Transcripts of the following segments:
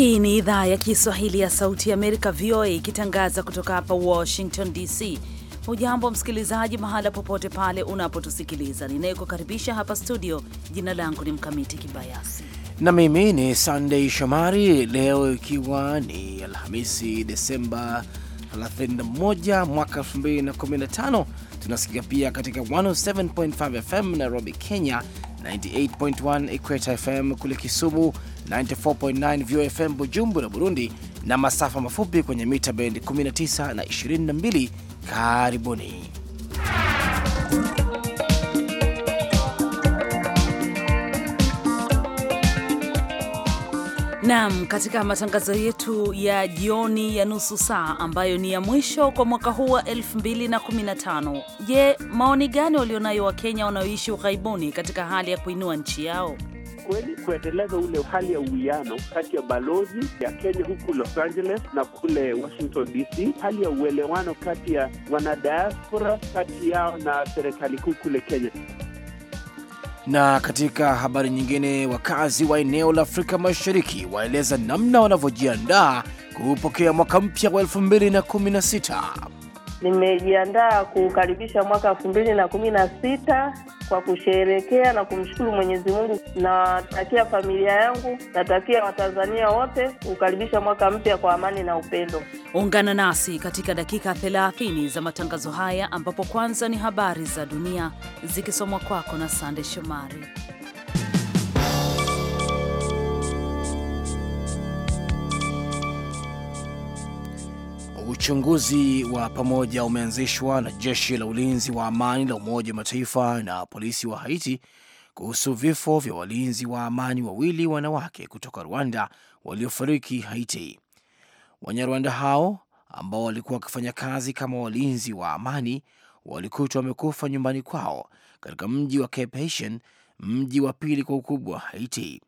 Hii ni idhaa ya Kiswahili ya Sauti ya Amerika, VOA, ikitangaza kutoka hapa Washington DC. Hujambo msikilizaji, mahala popote pale unapotusikiliza. Ninayekukaribisha hapa studio, jina langu ni Mkamiti Kibayasi na mimi ni Sandei Shomari. Leo ikiwa ni Alhamisi, Desemba 31 mwaka 2015, tunasikia pia katika 107.5 FM Nairobi, Kenya, 98.1 Equator FM kule Kisumu 94.9 VOFM Bujumbura, Burundi, na masafa mafupi kwenye mita bendi 19 na 22. Karibuni. Naam, katika matangazo yetu ya jioni ya nusu saa ambayo ni ya mwisho kwa mwaka huu wa 2015, je, maoni gani walionayo Wakenya wanaoishi ughaibuni katika hali ya kuinua nchi yao? kweli kuendeleza ule hali ya uwiano kati ya balozi ya Kenya huku Los Angeles na kule Washington DC, hali ya uelewano kati ya wanadiaspora kati yao na serikali kuu kule Kenya. Na katika habari nyingine, wakazi wa eneo la Afrika Mashariki waeleza namna wanavyojiandaa kuupokea mwaka mpya wa 216 nimejiandaa kuukaribisha mwaka elfu mbili na kumi na sita kwa kusherekea na kumshukuru Mwenyezi Mungu. Natakia familia yangu, natakia Watanzania wote kuukaribisha mwaka mpya kwa amani na upendo. Ungana nasi katika dakika 30 za matangazo haya, ambapo kwanza ni habari za dunia zikisomwa kwako na Sande Shomari. Uchunguzi wa pamoja umeanzishwa na jeshi la ulinzi wa amani la Umoja wa Mataifa na polisi wa Haiti kuhusu vifo vya walinzi wa amani wawili wanawake kutoka Rwanda waliofariki Haiti. Wanyarwanda hao ambao walikuwa wakifanya kazi kama walinzi wa amani walikutwa wamekufa nyumbani kwao katika mji wa Cape mji wa pili kwa ukubwa Haiti.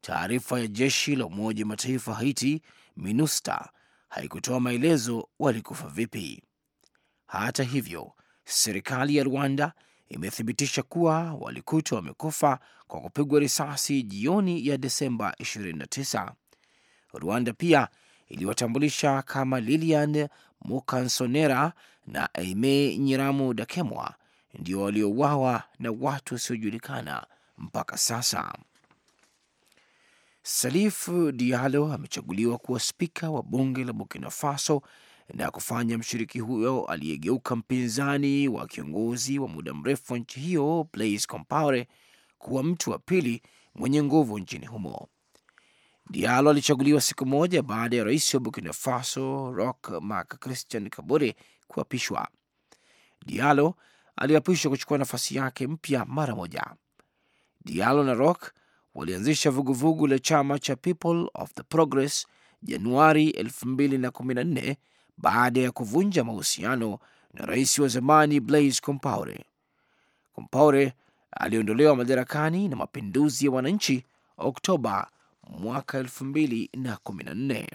Taarifa ya jeshi la Umoja wa Mataifa Haiti MINUSTA haikutoa maelezo walikufa vipi. Hata hivyo, serikali ya Rwanda imethibitisha kuwa walikutwa wamekufa kwa kupigwa risasi jioni ya Desemba 29. Rwanda pia iliwatambulisha kama Lilian Mukansonera na Aime Nyiramu Dakemwa ndio waliouawa na watu wasiojulikana mpaka sasa. Salif Diallo amechaguliwa kuwa spika wa bunge la Burkina Faso na kufanya mshiriki huyo aliyegeuka mpinzani wa kiongozi wa muda mrefu wa nchi hiyo Blaise Compaore kuwa mtu wa pili mwenye nguvu nchini humo. Diallo alichaguliwa siku moja baada ya rais wa Burkina Faso Roch Marc Christian Kabore kuapishwa. Diallo aliapishwa kuchukua nafasi yake mpya mara moja. Diallo na Roch walianzisha vuguvugu la chama cha People of the Progress Januari 2014 baada ya kuvunja mahusiano na rais wa zamani Blaise Compaore. Compaore aliondolewa madarakani na mapinduzi ya wananchi Oktoba mwaka 2014.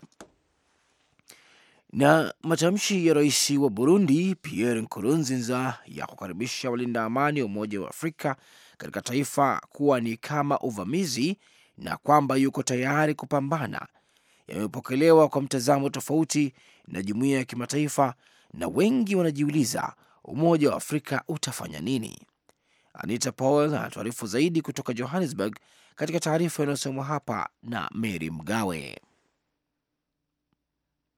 Na matamshi ya rais wa Burundi Pierre Nkurunziza ya kukaribisha walinda amani wa Umoja wa Afrika katika taifa kuwa ni kama uvamizi na kwamba yuko tayari kupambana yamepokelewa kwa mtazamo tofauti na jumuiya ya kimataifa, na wengi wanajiuliza Umoja wa Afrika utafanya nini? Anita Powell anatuarifu zaidi kutoka Johannesburg, katika taarifa inayosomwa hapa na Mary Mgawe.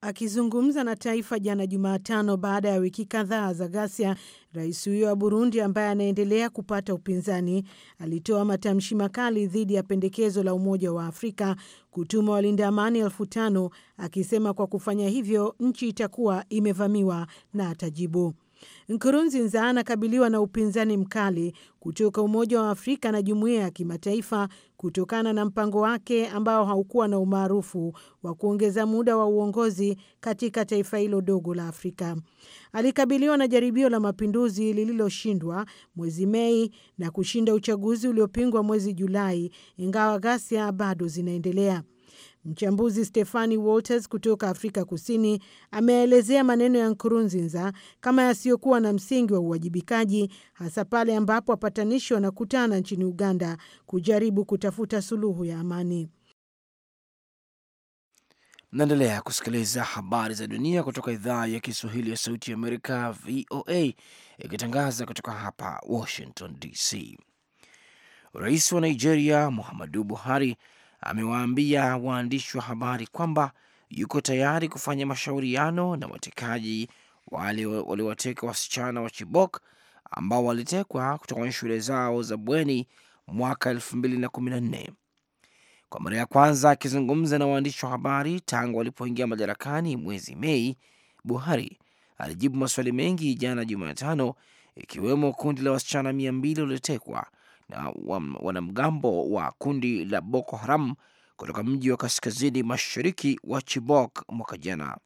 Akizungumza na taifa jana Jumatano baada ya wiki kadhaa za ghasia, rais huyo wa Burundi ambaye anaendelea kupata upinzani alitoa matamshi makali dhidi ya pendekezo la Umoja wa Afrika kutuma walinda amani elfu tano akisema kwa kufanya hivyo nchi itakuwa imevamiwa na atajibu. Nkurunziza anakabiliwa na upinzani mkali kutoka Umoja wa Afrika na jumuiya ya kimataifa kutokana na mpango wake ambao haukuwa na umaarufu wa kuongeza muda wa uongozi katika taifa hilo dogo la Afrika. Alikabiliwa na jaribio la mapinduzi lililoshindwa mwezi Mei na kushinda uchaguzi uliopingwa mwezi Julai, ingawa ghasia bado zinaendelea. Mchambuzi Stefani Walters kutoka Afrika Kusini ameelezea maneno ya Nkurunziza kama yasiyokuwa na msingi wa uwajibikaji, hasa pale ambapo wapatanishi wanakutana nchini Uganda kujaribu kutafuta suluhu ya amani. Mnaendelea kusikiliza habari za dunia kutoka idhaa ya Kiswahili ya Sauti ya Amerika, VOA, ikitangaza kutoka hapa Washington DC. Rais wa Nigeria Muhammadu Buhari amewaambia waandishi wa habari kwamba yuko tayari kufanya mashauriano na watekaji wale waliowateka wasichana wa Chibok ambao walitekwa kutoka kwenye shule zao za bweni mwaka elfu mbili na kumi na nne. Kwa mara ya kwanza akizungumza na waandishi wa habari tangu walipoingia madarakani mwezi Mei, Buhari alijibu maswali mengi jana Jumatano, ikiwemo kundi la wasichana mia mbili waliotekwa na wanamgambo wa kundi la Boko Haram kutoka mji wa kaskazini mashariki wa Chibok mwaka jana.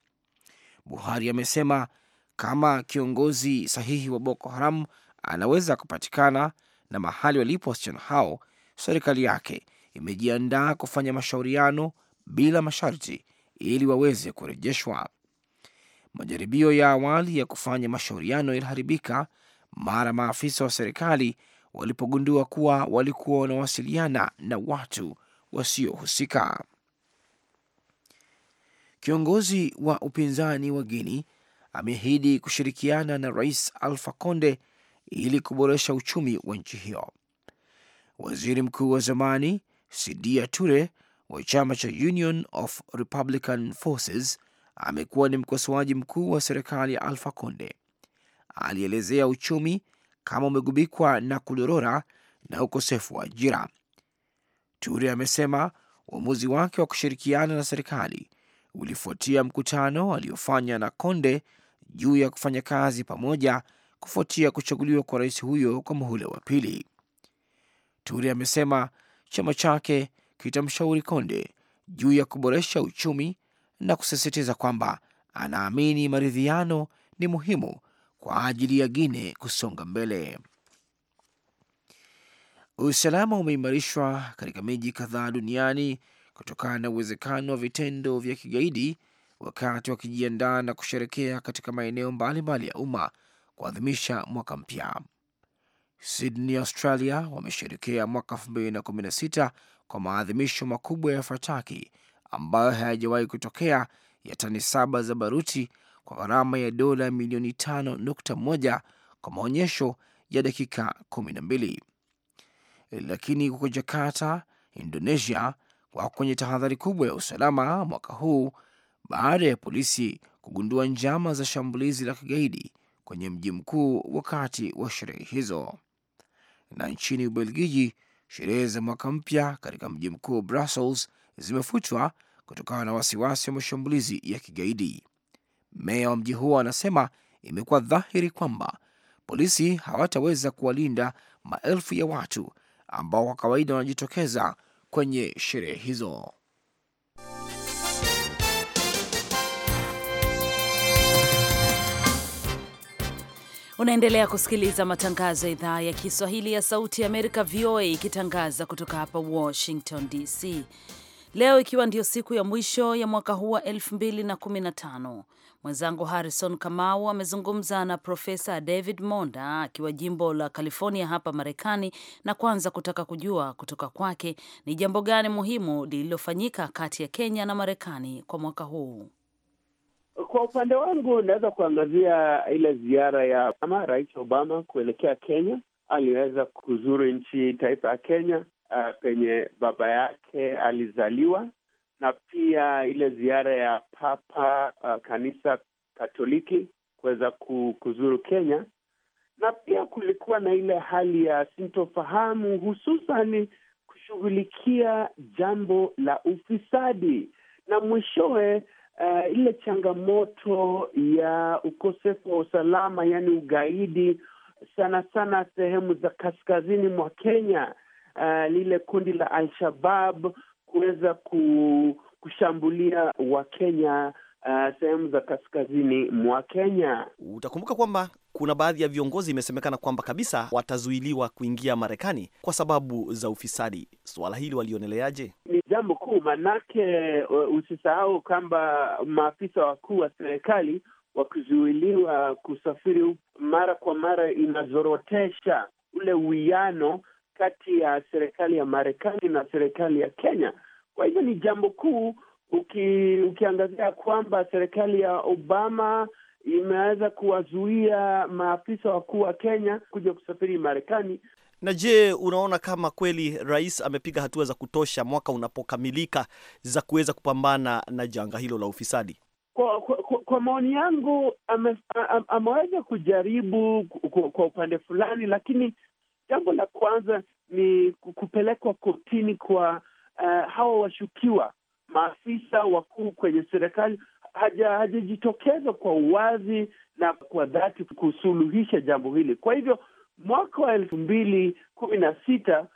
Buhari amesema kama kiongozi sahihi wa Boko Haram anaweza kupatikana na mahali walipo wasichana hao, serikali yake imejiandaa kufanya mashauriano bila masharti ili waweze kurejeshwa. Majaribio ya awali ya kufanya mashauriano yaliharibika mara maafisa wa serikali walipogundua kuwa walikuwa wanawasiliana na watu wasiohusika. Kiongozi wa upinzani wa Guini ameahidi kushirikiana na Rais Alfa Conde ili kuboresha uchumi wa nchi hiyo. Waziri mkuu wa zamani Sidia Ture wa chama cha Union of Republican Forces amekuwa ni mkosoaji mkuu wa serikali ya Alfa Conde. Alielezea uchumi kama umegubikwa na kudorora na ukosefu wa ajira. Ture amesema uamuzi wake wa kushirikiana na serikali ulifuatia mkutano aliofanya na Konde juu ya kufanya kazi pamoja kufuatia kuchaguliwa kwa rais huyo kwa muhula wa pili. Ture amesema chama chake kitamshauri Konde juu ya kuboresha uchumi na kusisitiza kwamba anaamini maridhiano ni muhimu kwa ajili ya Guine kusonga mbele. Usalama umeimarishwa katika miji kadhaa duniani kutokana na uwezekano wa vitendo vya kigaidi wakati wakijiandaa na kusherekea katika maeneo mbalimbali ya umma kuadhimisha mwaka mpya. Sydney, Australia wamesherekea mwaka 2016 kwa maadhimisho makubwa ya fataki ambayo hayajawahi kutokea ya tani saba za baruti kwa gharama ya dola milioni 5.1 kwa maonyesho ya dakika 12. Lakini huko Jakarta, Indonesia, wako kwenye tahadhari kubwa ya usalama mwaka huu baada ya polisi kugundua njama za shambulizi la kigaidi kwenye mji mkuu wakati wa sherehe hizo. Na nchini Ubelgiji, sherehe za mwaka mpya katika mji mkuu Brussels zimefutwa kutokana na wasiwasi wa mashambulizi ya kigaidi. Meya wa mji huo anasema imekuwa dhahiri kwamba polisi hawataweza kuwalinda maelfu ya watu ambao kwa kawaida wanajitokeza kwenye sherehe hizo. Unaendelea kusikiliza matangazo ya idhaa ya Kiswahili ya Sauti ya Amerika, VOA, ikitangaza kutoka hapa Washington DC. Leo ikiwa ndio siku ya mwisho ya mwaka huu wa 2015 Mwenzangu Harrison Kamau amezungumza na Profesa David Monda akiwa jimbo la California hapa Marekani, na kwanza kutaka kujua kutoka kwake ni jambo gani muhimu lililofanyika kati ya Kenya na Marekani kwa mwaka huu. Kwa upande wangu naweza kuangazia ile ziara ya Obama, Rais Obama kuelekea Kenya. Aliweza kuzuru nchi taifa ya Kenya, uh, penye baba yake alizaliwa na pia ile ziara ya Papa uh, kanisa Katoliki kuweza kuzuru Kenya, na pia kulikuwa na ile hali ya sintofahamu, hususan kushughulikia jambo la ufisadi na mwishowe uh, ile changamoto ya ukosefu wa usalama, yaani ugaidi, sana sana sehemu za kaskazini mwa Kenya. Uh, lile kundi la Al-Shabab kuweza kushambulia Wakenya uh, sehemu za kaskazini mwa Kenya. Utakumbuka kwamba kuna baadhi ya viongozi imesemekana kwamba kabisa watazuiliwa kuingia Marekani kwa sababu za ufisadi. Suala hili walioneleaje? Ni jambo kuu, manake uh, usisahau kwamba maafisa wakuu wa serikali wakizuiliwa kusafiri mara kwa mara inazorotesha ule uwiano kati ya serikali ya Marekani na serikali ya Kenya. Kwa hivyo ni jambo kuu uki, ukiangazia kwamba serikali ya Obama imeweza kuwazuia maafisa wakuu wa Kenya kuja kusafiri Marekani. Na je, unaona kama kweli rais amepiga hatua za kutosha mwaka unapokamilika za kuweza kupambana na janga hilo la ufisadi? Kwa, kwa, kwa maoni yangu ameweza kujaribu kwa, kwa upande fulani, lakini Jambo la kwanza ni kupelekwa kotini kwa uh, eh, hawa washukiwa, maafisa wakuu kwenye serikali hajajitokeza kwa uwazi na kwa dhati kusuluhisha jambo hili. Kwa hivyo mwaka wa elfu mbili kumi na sita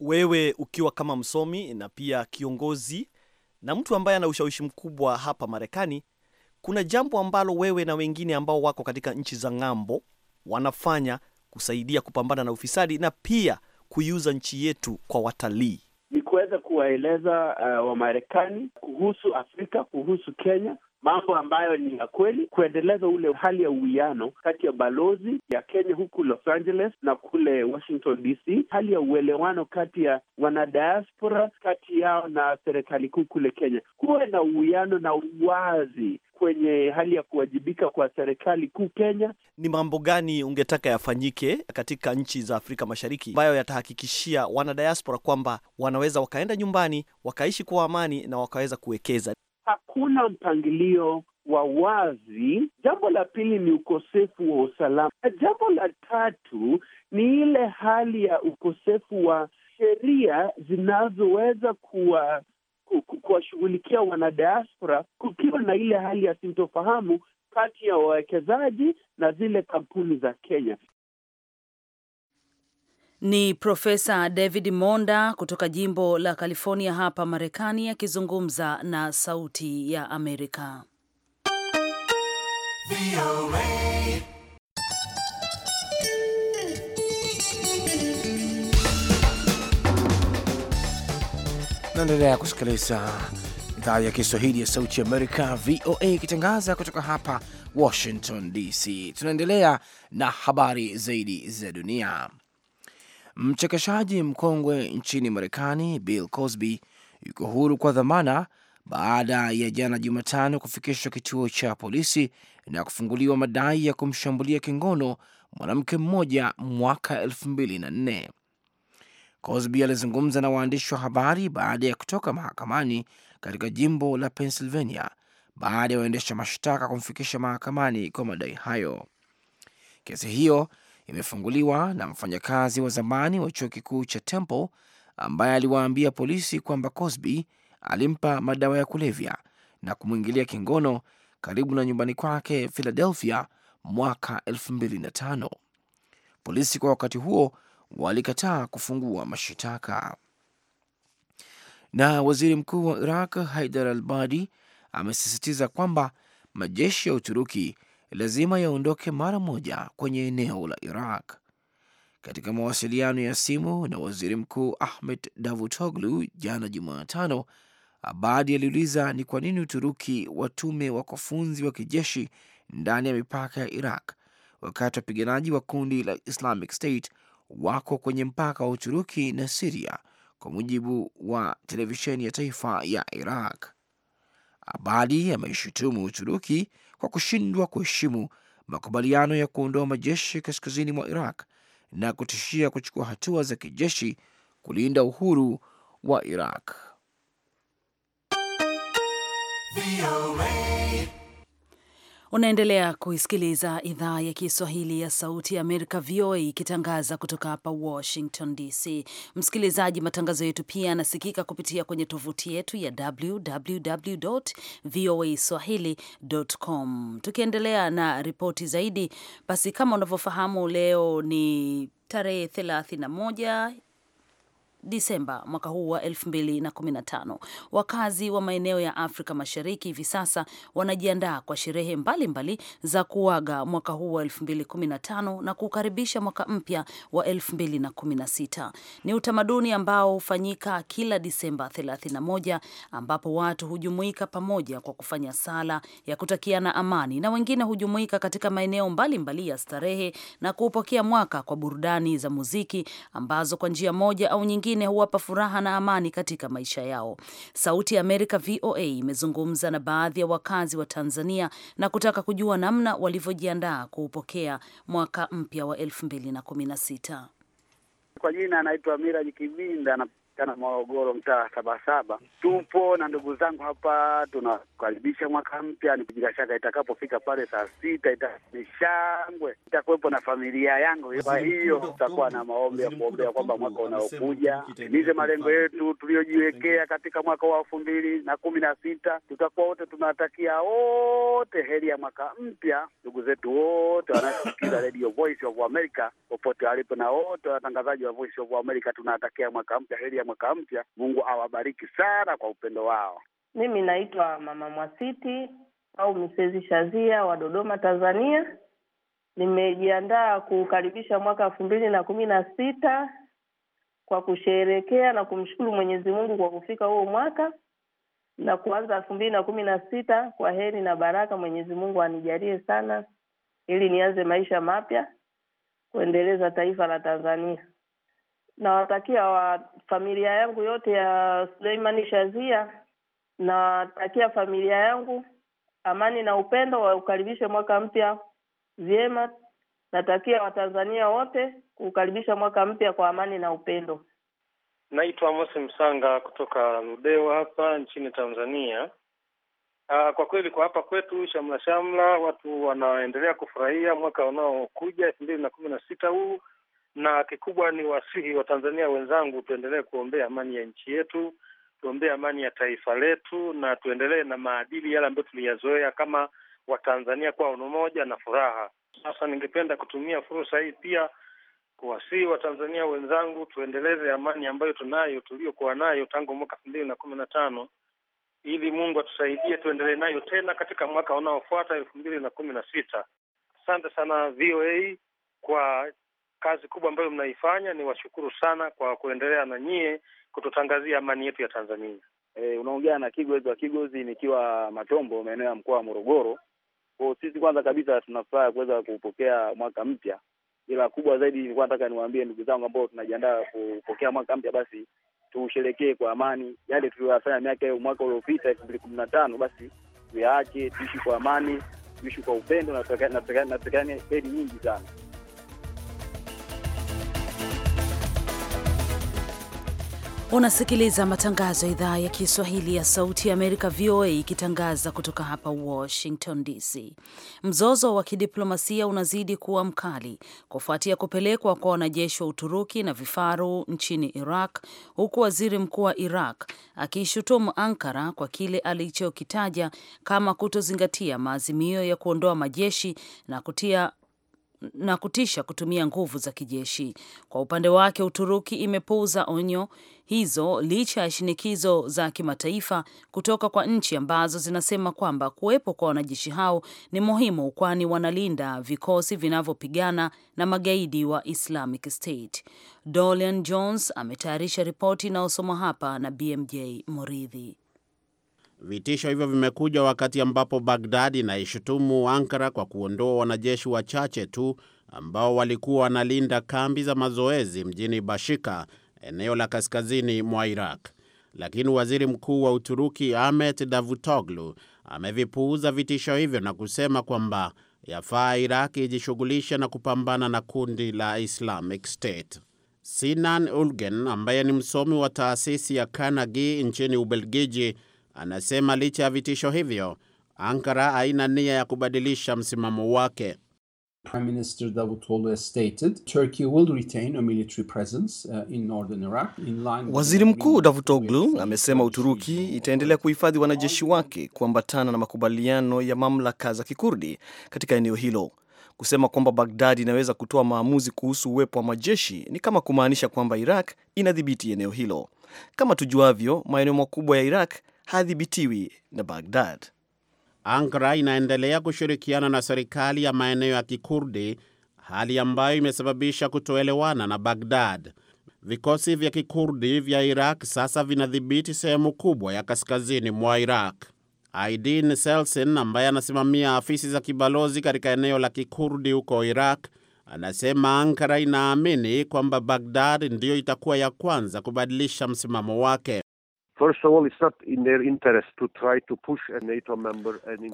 wewe ukiwa kama msomi na pia kiongozi na mtu ambaye ana ushawishi mkubwa hapa Marekani, kuna jambo ambalo wewe na wengine ambao wako katika nchi za ng'ambo wanafanya kusaidia kupambana na ufisadi na pia kuiuza nchi yetu kwa watalii ni kuweza kuwaeleza uh, Wamarekani kuhusu Afrika, kuhusu Kenya, mambo ambayo ni ya kweli, kuendeleza ule hali ya uwiano kati ya balozi ya Kenya huku Los Angeles na kule Washington DC, hali ya uelewano kati ya wanadiaspora, kati yao na serikali kuu kule Kenya, kuwe na uwiano na uwazi kwenye hali ya kuwajibika kwa serikali kuu Kenya. Ni mambo gani ungetaka yafanyike katika nchi za Afrika Mashariki ambayo yatahakikishia wanadiaspora kwamba wanaweza wakaenda nyumbani wakaishi kwa amani na wakaweza kuwekeza? Hakuna mpangilio wa wazi. Jambo la pili ni ukosefu wa usalama, na jambo la tatu ni ile hali ya ukosefu wa sheria zinazoweza kuwa kuwashughulikia wanadiaspora, kukiwa na ile hali ya sintofahamu kati ya wawekezaji na zile kampuni za Kenya. Ni Profesa David Monda kutoka jimbo la California hapa Marekani akizungumza na Sauti ya Amerika. naendelea kusikiliza idhaa ya Kiswahili ya Sauti Amerika, VOA, ikitangaza kutoka hapa Washington DC. Tunaendelea na habari zaidi za dunia. Mchekeshaji mkongwe nchini Marekani Bill Cosby yuko huru kwa dhamana baada ya jana Jumatano kufikishwa kituo cha polisi na kufunguliwa madai ya kumshambulia kingono mwanamke mmoja mwaka elfu mbili na nne. Cosby alizungumza na waandishi wa habari baada ya kutoka mahakamani katika jimbo la Pennsylvania baada ya waendesha mashtaka kumfikisha mahakamani kwa madai hayo. Kesi hiyo imefunguliwa na mfanyakazi wa zamani wa chuo kikuu cha Temple ambaye aliwaambia polisi kwamba Cosby alimpa madawa ya kulevya na kumwingilia kingono karibu na nyumbani kwake Philadelphia mwaka 2005. Polisi kwa wakati huo walikataa kufungua mashitaka. Na waziri mkuu wa Iraq Haidar al-Badi amesisitiza kwamba majeshi ya Uturuki lazima yaondoke mara moja kwenye eneo la Iraq. Katika mawasiliano ya simu na waziri mkuu Ahmed Davutoglu jana Jumatano, Abadi aliuliza ni kwa nini Uturuki watume wakufunzi wa kijeshi ndani ya mipaka ya Iraq wakati wapiganaji wa kundi la Islamic State wako kwenye mpaka wa Uturuki na Siria, kwa mujibu wa televisheni ya taifa ya Iraq. Abadi ameishutumu Uturuki kwa kushindwa kuheshimu makubaliano ya kuondoa majeshi kaskazini mwa Iraq na kutishia kuchukua hatua za kijeshi kulinda uhuru wa Iraq. Unaendelea kuisikiliza idhaa ya Kiswahili ya Sauti ya Amerika, VOA, ikitangaza kutoka hapa Washington DC. Msikilizaji, matangazo yetu pia yanasikika kupitia kwenye tovuti yetu ya www voa swahili.com. Tukiendelea na ripoti zaidi, basi kama unavyofahamu, leo ni tarehe 31 Disemba mwaka huu wa 2015. Wakazi wa maeneo ya Afrika Mashariki hivi sasa wanajiandaa kwa sherehe mbalimbali za kuaga mwaka huu wa 2015 na kukaribisha mwaka mpya wa 2016. Ni utamaduni ambao hufanyika kila Disemba 31, ambapo watu hujumuika pamoja kwa kufanya sala ya kutakiana amani na wengine hujumuika katika maeneo mbalimbali ya starehe na kuupokea mwaka kwa burudani za muziki ambazo kwa njia moja au nyingine wengine huwapa furaha na amani katika maisha yao. Sauti ya Amerika VOA imezungumza na baadhi ya wakazi wa Tanzania na kutaka kujua namna walivyojiandaa kuupokea mwaka mpya wa 216 Kwa jina anaitwa Miraji Kibinda, wasichana Morogoro, mtaa Sabasaba. Tupo na ndugu zangu hapa, tunakaribisha mwaka mpya. Ni bila shaka itakapofika pale saa sita ni shangwe, itakuwepo na familia yangu. Kwa hiyo tutakuwa na maombi ya kuombea kwamba mwaka unaokuja timize malengo yetu tuliyojiwekea katika mwaka wa elfu mbili na kumi na sita. Tutakuwa wote tunawatakia wote heri ya mwaka mpya, ndugu zetu wote wanaosikiza Radio Voice of America popote walipo, na wote watangazaji wa Voice of America tunawatakia mwaka mpya heri ya mwaka mpya. Mungu awabariki sana kwa upendo wao. Mimi naitwa Mama Mwasiti au Misezi Shazia wa Dodoma, Tanzania. Nimejiandaa kukaribisha mwaka elfu mbili na kumi na sita kwa kusheherekea na kumshukuru Mwenyezi Mungu kwa kufika huo mwaka na kuanza elfu mbili na kumi na sita kwa heri na baraka. Mwenyezi Mungu anijalie sana ili nianze maisha mapya kuendeleza taifa la Tanzania nawatakia wa familia yangu yote ya Suleimani Shazia, nawatakia familia yangu amani na upendo, waukaribishe mwaka mpya vyema. Natakia Watanzania wote kuukaribisha mwaka mpya kwa amani na upendo. Naitwa Mose Msanga kutoka Ludewa hapa nchini Tanzania. Aa, ah, kwa kweli kwa hapa kwetu shamla shamla, watu wanaendelea kufurahia mwaka unaokuja elfu mbili na kumi na sita huu na kikubwa ni wasihi Watanzania wenzangu, tuendelee kuombea amani ya nchi yetu, tuombee amani ya taifa letu, na tuendelee na maadili yale ambayo tuliyazoea kama Watanzania kwa umoja na furaha. Sasa ningependa kutumia fursa hii pia kuwasihi Watanzania wenzangu, tuendeleze amani ambayo tunayo tuliyokuwa nayo tangu mwaka elfu mbili na kumi na tano ili Mungu atusaidie tuendelee nayo tena katika mwaka unaofuata elfu mbili na kumi na sita. Asante sana VOA kwa kazi kubwa ambayo mnaifanya. Ni washukuru sana kwa kuendelea na nyie kututangazia amani yetu ya Tanzania. E, unaongea na Kigozi wa Kigozi nikiwa Matombo, maeneo ya mkoa wa Morogoro. Kwa sisi kwanza kabisa tunafuraha furaha kuweza kupokea mwaka mpya, ila kubwa zaidi nilikuwa nataka niwaambie ndugu zangu ambao tunajiandaa kupokea mwaka mpya, basi tuusherekee kwa amani. Yale tuliyoyafanya miaka mwaka uliopita elfu mbili kumi na tano, basi tuyaache, tuishi kwa amani, tuishi kwa upendo na tutakane heri nyingi sana. Unasikiliza matangazo ya idhaa ya Kiswahili ya Sauti ya Amerika, VOA, ikitangaza kutoka hapa Washington DC. Mzozo wa kidiplomasia unazidi kuwa mkali kufuatia kupelekwa kwa wanajeshi wa Uturuki na vifaru nchini Iraq, huku waziri mkuu wa Iraq akiishutumu Ankara kwa kile alichokitaja kama kutozingatia maazimio ya kuondoa majeshi na kutia na kutisha kutumia nguvu za kijeshi. Kwa upande wake, Uturuki imepuuza onyo hizo licha ya shinikizo za kimataifa kutoka kwa nchi ambazo zinasema kwamba kuwepo kwa wanajeshi hao ni muhimu, kwani wanalinda vikosi vinavyopigana na magaidi wa Islamic State. Dolian Jones ametayarisha ripoti inayosomwa hapa na BMJ Muridhi. Vitisho hivyo vimekuja wakati ambapo Bagdad inaishutumu Ankara kwa kuondoa wanajeshi wachache tu ambao walikuwa wanalinda kambi za mazoezi mjini Bashika eneo la kaskazini mwa Iraq. Lakini waziri mkuu wa Uturuki Ahmet Davutoglu amevipuuza vitisho hivyo na kusema kwamba yafaa iraq ijishughulishe na kupambana na kundi la Islamic State. Sinan Ulgen ambaye ni msomi wa taasisi ya Carnegie nchini Ubelgiji anasema licha ya vitisho hivyo, Ankara haina nia ya kubadilisha msimamo wake. Prime Minister Davutoğlu has stated, Turkey will retain a military presence uh, in northern Iraq in line Waziri Mkuu Davutoglu amesema Uturuki itaendelea kuhifadhi wanajeshi wake kuambatana na makubaliano ya mamlaka za Kikurdi katika eneo hilo. Kusema kwamba Bagdadi inaweza kutoa maamuzi kuhusu uwepo wa majeshi ni kama kumaanisha kwamba Iraq inadhibiti eneo hilo. Kama tujuavyo, maeneo makubwa ya Iraq hadhibitiwi na Bagdad. Ankara inaendelea kushirikiana na serikali ya maeneo ya Kikurdi, hali ambayo imesababisha kutoelewana na Bagdad. Vikosi vya Kikurdi vya Iraq sasa vinadhibiti sehemu kubwa ya kaskazini mwa Iraq. Aidin selsen ambaye anasimamia afisi za kibalozi katika eneo la Kikurdi huko Iraq anasema Ankara inaamini kwamba Bagdad ndiyo itakuwa ya kwanza kubadilisha msimamo wake.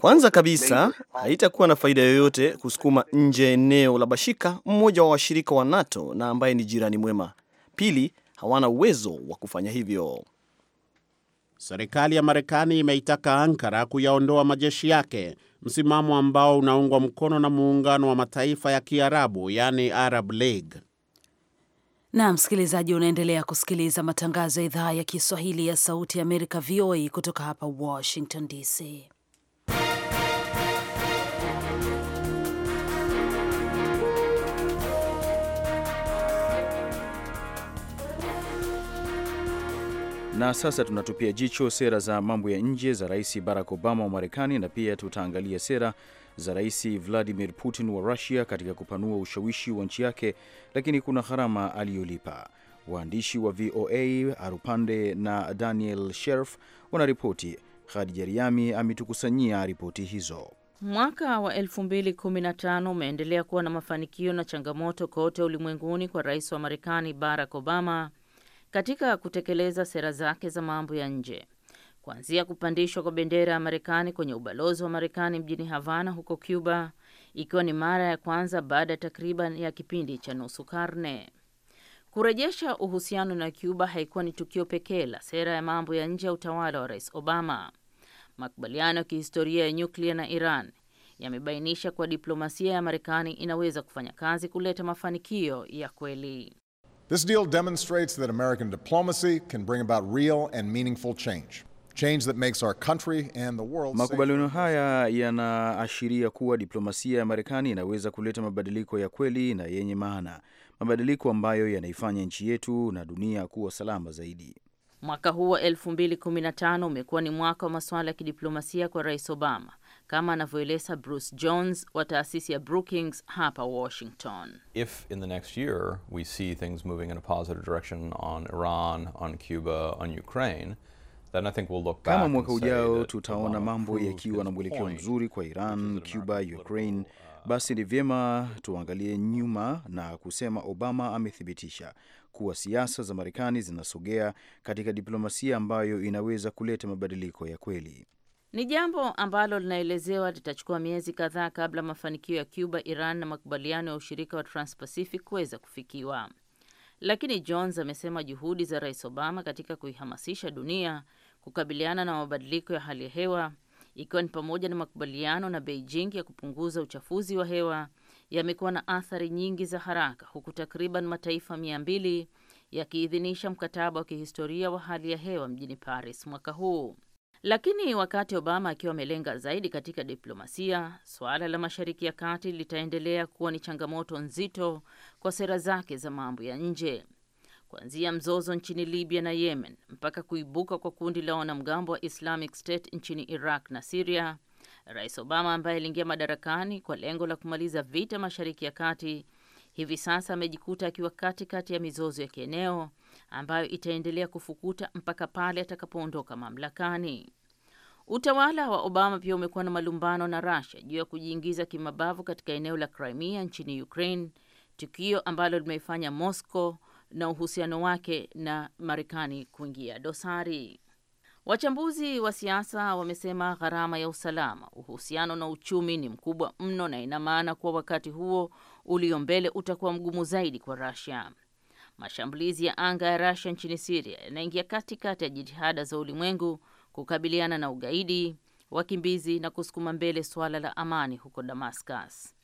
Kwanza kabisa haitakuwa na faida yoyote kusukuma nje eneo la Bashika, mmoja wa washirika wa NATO na ambaye ni jirani mwema. Pili, hawana uwezo wa kufanya hivyo. Serikali ya Marekani imeitaka Ankara kuyaondoa majeshi yake, msimamo ambao unaungwa mkono na muungano wa mataifa ya Kiarabu, yaani Arab League. Na msikilizaji, unaendelea kusikiliza matangazo ya idhaa ya Kiswahili ya Sauti ya Amerika, VOA, kutoka hapa Washington DC. Na sasa tunatupia jicho sera za mambo ya nje za Rais Barack Obama wa Marekani, na pia tutaangalia sera za Rais Vladimir Putin wa Rusia katika kupanua ushawishi wa nchi yake, lakini kuna gharama aliyolipa. Waandishi wa VOA Arupande na Daniel Sherf wanaripoti. Khadija Riami ametukusanyia ripoti hizo. Mwaka wa 2015 umeendelea kuwa na mafanikio na changamoto kote ulimwenguni kwa rais wa Marekani Barack Obama katika kutekeleza sera zake za mambo ya nje kuanzia kupandishwa kwa bendera ya Marekani kwenye ubalozi wa Marekani mjini Havana huko Cuba, ikiwa ni mara ya kwanza baada ya takriban ya kipindi cha nusu karne. Kurejesha uhusiano na Cuba haikuwa ni tukio pekee la sera ya mambo ya nje ya utawala wa Rais Obama. Makubaliano ya kihistoria ya nyuklia na Iran yamebainisha kuwa diplomasia ya Marekani inaweza kufanya kazi kuleta mafanikio ya kweli. This deal demonstrates that American diplomacy can bring about real and meaningful change change that makes our country and the world. Makubaliano haya yanaashiria kuwa diplomasia ya Marekani inaweza kuleta mabadiliko ya kweli na yenye maana, mabadiliko ambayo yanaifanya nchi yetu na dunia kuwa salama zaidi. Mwaka huu wa 215 umekuwa ni mwaka wa masuala ya kidiplomasia kwa Rais Obama, kama anavyoeleza Bruce Jones wa taasisi ya Brookings hapa Washington. If in the next year we see things moving in a positive direction on Iran, on Cuba, on Ukraine kama mwaka ujao tutaona mambo yakiwa na mwelekeo mzuri kwa Iran, Cuba, Ukraine, uh, basi ni vyema tuangalie nyuma na kusema Obama amethibitisha kuwa siasa za Marekani zinasogea katika diplomasia ambayo inaweza kuleta mabadiliko ya kweli. Ni jambo ambalo linaelezewa litachukua miezi kadhaa kabla mafanikio ya Cuba, Iran na makubaliano ya ushirika wa Transpacific kuweza kufikiwa. Lakini Jones amesema juhudi za Rais Obama katika kuihamasisha dunia kukabiliana na mabadiliko ya hali ya hewa ikiwa ni pamoja na makubaliano na Beijing ya kupunguza uchafuzi wa hewa yamekuwa na athari nyingi za haraka huku takriban mataifa mia mbili yakiidhinisha mkataba wa kihistoria wa hali ya hewa mjini Paris mwaka huu. Lakini wakati Obama akiwa amelenga zaidi katika diplomasia, suala la Mashariki ya Kati litaendelea kuwa ni changamoto nzito kwa sera zake za mambo ya nje kuanzia mzozo nchini Libya na Yemen mpaka kuibuka kwa kundi la wanamgambo wa Islamic State nchini Iraq na Siria. Rais Obama ambaye aliingia madarakani kwa lengo la kumaliza vita Mashariki ya Kati hivi sasa amejikuta akiwa katikati ya mizozo ya kieneo ambayo itaendelea kufukuta mpaka pale atakapoondoka mamlakani. Utawala wa Obama pia umekuwa na malumbano na Russia juu ya kujiingiza kimabavu katika eneo la Crimea nchini Ukraine, tukio ambalo limeifanya Moscow na uhusiano wake na Marekani kuingia dosari. Wachambuzi wa siasa wamesema gharama ya usalama, uhusiano na uchumi ni mkubwa mno, na ina maana kuwa wakati huo ulio mbele utakuwa mgumu zaidi kwa rusia Mashambulizi ya anga ya rasia nchini siria yanaingia katikati ya jitihada za ulimwengu kukabiliana na ugaidi, wakimbizi na kusukuma mbele suala la amani huko Damascus.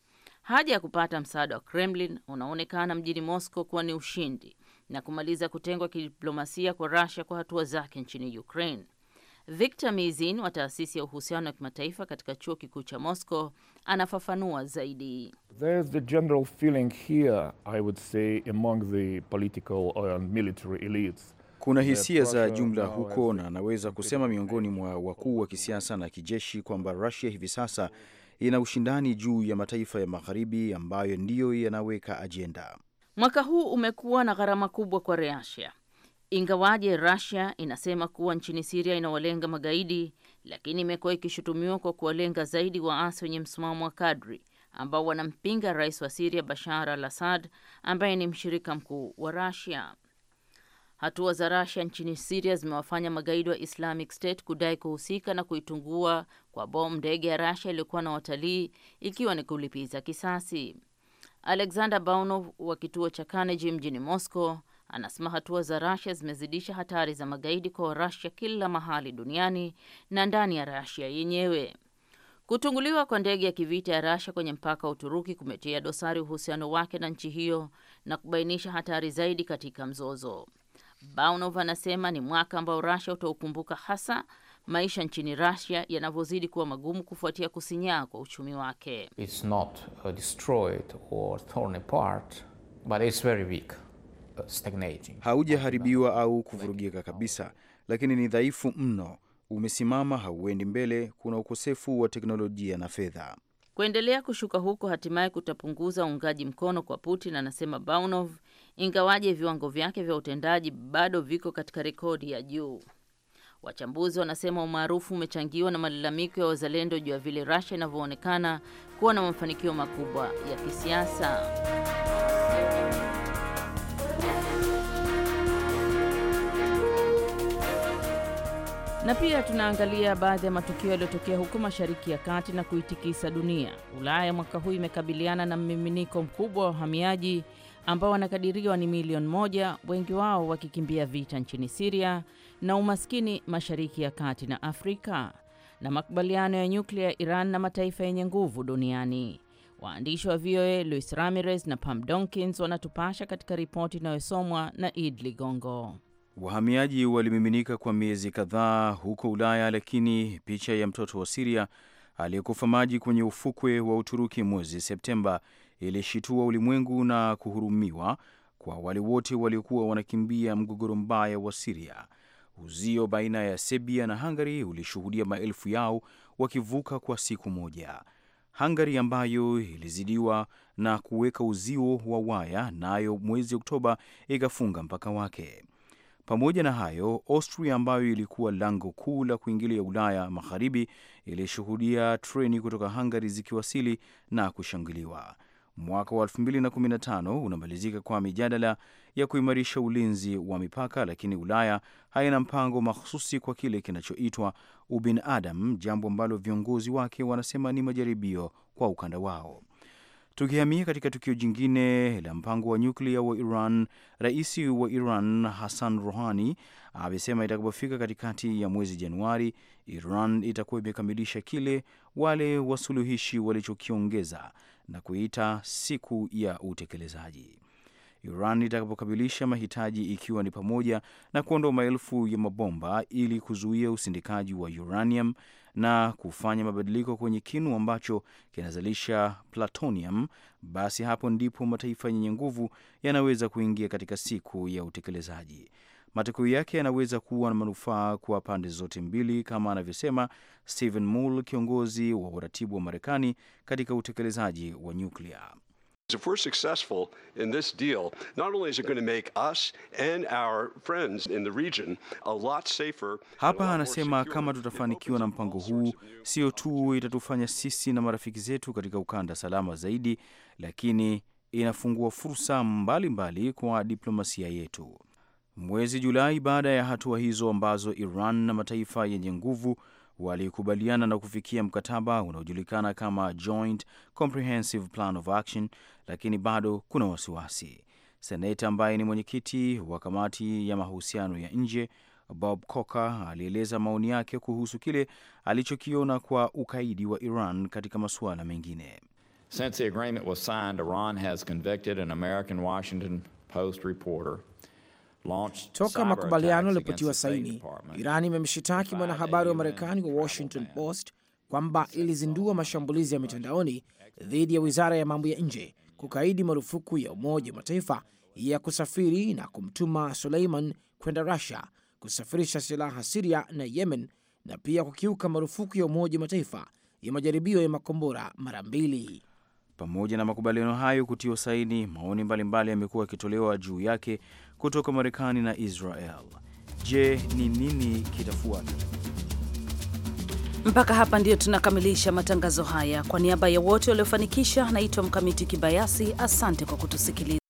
Haja ya kupata msaada wa Kremlin unaonekana mjini Moscow kuwa ni ushindi na kumaliza kutengwa kidiplomasia kwa rasia kwa hatua zake nchini Ukraine. Victor Mizin wa taasisi ya uhusiano wa kimataifa katika chuo kikuu cha Moscow anafafanua zaidi. There's the general feeling here, I would say, among the political and military elites. Kuna hisia za jumla huko na anaweza kusema miongoni mwa wakuu wa kisiasa na kijeshi kwamba Russia hivi sasa ina ushindani juu ya mataifa ya magharibi ambayo ndiyo yanaweka ajenda. Mwaka huu umekuwa na gharama kubwa kwa Russia. Ingawaje Russia inasema kuwa nchini Syria inawalenga magaidi, lakini imekuwa ikishutumiwa kwa kuwalenga zaidi waasi wenye msimamo wa kadri ambao wanampinga rais wa Syria Bashar al-Assad ambaye ni mshirika mkuu wa Russia. Hatua za Russia nchini Syria zimewafanya magaidi wa Islamic State kudai kuhusika na kuitungua kwa bomu ndege ya Russia iliyokuwa na watalii ikiwa ni kulipiza kisasi. Alexander Baunov wa kituo cha Carnegie mjini Moscow anasema hatua za Russia zimezidisha hatari za magaidi kwa rasia kila mahali duniani na ndani ya Russia yenyewe. Kutunguliwa kwa ndege ya kivita ya Russia kwenye mpaka wa Uturuki kumetia dosari uhusiano wake na nchi hiyo na kubainisha hatari zaidi katika mzozo. Baunov anasema ni mwaka ambao Russia utaukumbuka hasa maisha nchini Russia yanavyozidi kuwa magumu kufuatia kusinyaa kwa uchumi wake. It's not uh, destroyed or torn apart, but it's very weak, uh, stagnating. Haujaharibiwa au kuvurugika kabisa, lakini ni dhaifu mno, umesimama, hauendi mbele, kuna ukosefu wa teknolojia na fedha. Kuendelea kushuka huko hatimaye kutapunguza uungaji mkono kwa Putin, anasema Baunov, ingawaje viwango vyake vya utendaji bado viko katika rekodi ya juu. Wachambuzi wanasema umaarufu umechangiwa na malalamiko ya wazalendo juu ya vile Russia inavyoonekana kuwa na mafanikio makubwa ya kisiasa. Na pia tunaangalia baadhi ya matukio yaliyotokea huko Mashariki ya Kati na kuitikisa dunia. Ulaya mwaka huu imekabiliana na mmiminiko mkubwa wa wahamiaji ambao wanakadiriwa ni milioni moja, wengi wao wakikimbia vita nchini Siria na umaskini Mashariki ya Kati na Afrika na makubaliano ya nyuklia ya Iran na mataifa yenye nguvu duniani. Waandishi wa VOA Luis Ramirez na Pam Donkins wanatupasha katika ripoti inayosomwa na Id Ligongo. Wahamiaji walimiminika kwa miezi kadhaa huko Ulaya, lakini picha ya mtoto wa Siria aliyekufa maji kwenye ufukwe wa Uturuki mwezi Septemba ilishitua ulimwengu na kuhurumiwa kwa wale wote waliokuwa wanakimbia mgogoro mbaya wa Siria. Uzio baina ya Serbia na Hungary ulishuhudia maelfu yao wakivuka kwa siku moja. Hungary ambayo ilizidiwa na kuweka uzio wa waya, nayo na mwezi Oktoba ikafunga mpaka wake. Pamoja na hayo, Austria ambayo ilikuwa lango kuu la kuingilia Ulaya Magharibi ilishuhudia treni kutoka Hungary zikiwasili na kushangiliwa. Mwaka wa 2015 unamalizika kwa mijadala ya kuimarisha ulinzi wa mipaka, lakini Ulaya haina mpango mahususi kwa kile kinachoitwa ubinadam, jambo ambalo viongozi wake wanasema ni majaribio kwa ukanda wao. Tukihamia katika tukio jingine la mpango wa nyuklia wa Iran, rais wa Iran Hassan Rouhani amesema itakapofika katikati ya mwezi Januari, Iran itakuwa imekamilisha kile wale wasuluhishi walichokiongeza na kuita siku ya utekelezaji. Iran itakapokamilisha mahitaji ikiwa ni pamoja na kuondoa maelfu ya mabomba ili kuzuia usindikaji wa uranium na kufanya mabadiliko kwenye kinu ambacho kinazalisha plutonium, basi hapo ndipo mataifa yenye nguvu yanaweza kuingia katika siku ya utekelezaji matokeo yake yanaweza kuwa na manufaa kwa pande zote mbili, kama anavyosema Stephen Mull, kiongozi wa uratibu wa Marekani katika utekelezaji wa nyuklia. If we're successful in this deal, not only is it going to make us and our friends in the region a lot safer. Hapa anasema kama tutafanikiwa na mpango huu, sio tu itatufanya sisi na marafiki zetu katika ukanda salama zaidi, lakini inafungua fursa mbalimbali mbali kwa diplomasia yetu mwezi Julai baada ya hatua hizo ambazo Iran na mataifa yenye nguvu walikubaliana na kufikia mkataba unaojulikana kama Joint Comprehensive Plan of Action, lakini bado kuna wasiwasi. Seneta ambaye ni mwenyekiti wa kamati ya mahusiano ya nje Bob Coker alieleza maoni yake kuhusu kile alichokiona kwa ukaidi wa Iran katika masuala mengine. Since the agreement was signed, Iran has convicted an American Washington Post reporter Toka makubaliano yalipotiwa saini, iran imemshitaki mwanahabari wa Marekani wa Washington Post kwamba ilizindua mashambulizi ya mitandaoni dhidi ya wizara ya mambo ya nje, kukaidi marufuku ya Umoja wa Mataifa ya kusafiri na kumtuma Suleiman kwenda Rusia kusafirisha silaha Siria na Yemen, na pia kukiuka marufuku ya Umoja wa Mataifa ya majaribio ya makombora mara mbili. Pamoja na makubaliano hayo kutiwa saini, maoni mbalimbali yamekuwa yakitolewa juu yake kutoka Marekani na Israel. Je, ni nini kitafuata? Mpaka hapa ndiyo tunakamilisha matangazo haya. Kwa niaba ya wote waliofanikisha, naitwa Mkamiti Kibayasi. Asante kwa kutusikiliza.